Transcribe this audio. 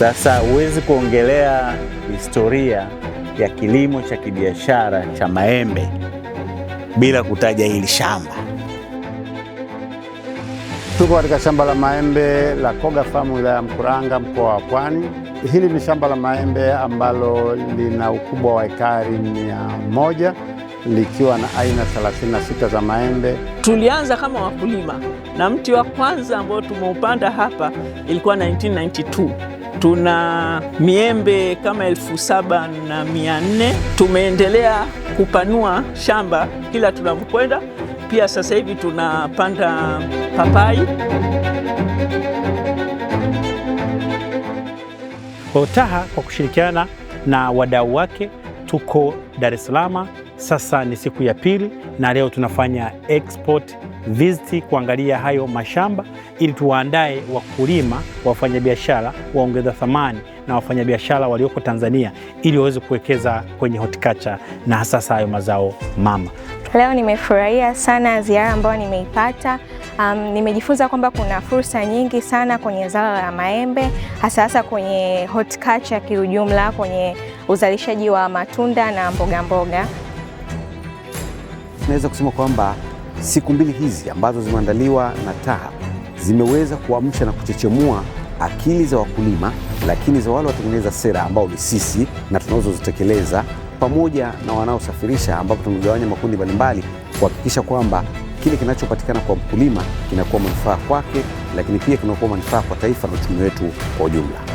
Sasa huwezi kuongelea historia ya kilimo cha kibiashara cha maembe bila kutaja hili shamba. Tuko katika shamba la maembe la Koga Farm wilaya ya Mkuranga mkoa wa Pwani. Hili ni shamba la maembe ambalo lina ukubwa wa ekari mia moja likiwa na aina 36 za maembe. Tulianza kama wakulima na mti wa kwanza ambao tumeupanda hapa ilikuwa 1992 tuna miembe kama elfu saba na mia nne. Tumeendelea kupanua shamba kila tunapokwenda. Pia sasa hivi tunapanda papai. Otaha kwa kushirikiana na wadau wake tuko Dar es Salaam. Sasa ni siku ya pili, na leo tunafanya export visit kuangalia hayo mashamba ili tuwaandae wakulima, wafanyabiashara, waongeza thamani na wafanyabiashara walioko Tanzania ili waweze kuwekeza kwenye hotikacha na hasa hayo mazao mama. Leo nimefurahia sana ziara ambayo nimeipata. Um, nimejifunza kwamba kuna fursa nyingi sana kwenye zao la maembe hasa hasa kwenye horticulture kiujumla, kwenye uzalishaji wa matunda na mboga mboga tunaweza kusema kwamba siku mbili hizi ambazo zimeandaliwa na TAHA zimeweza kuamsha na kuchechemua akili za wakulima, lakini za wale watengeneza sera ambao ni sisi na tunazozitekeleza pamoja na wanaosafirisha, ambapo tumegawanya makundi mbalimbali kuhakikisha kwamba kile kinachopatikana kwa mkulima kinakuwa manufaa kwake, lakini pia kinakuwa manufaa kwa taifa na uchumi wetu kwa ujumla.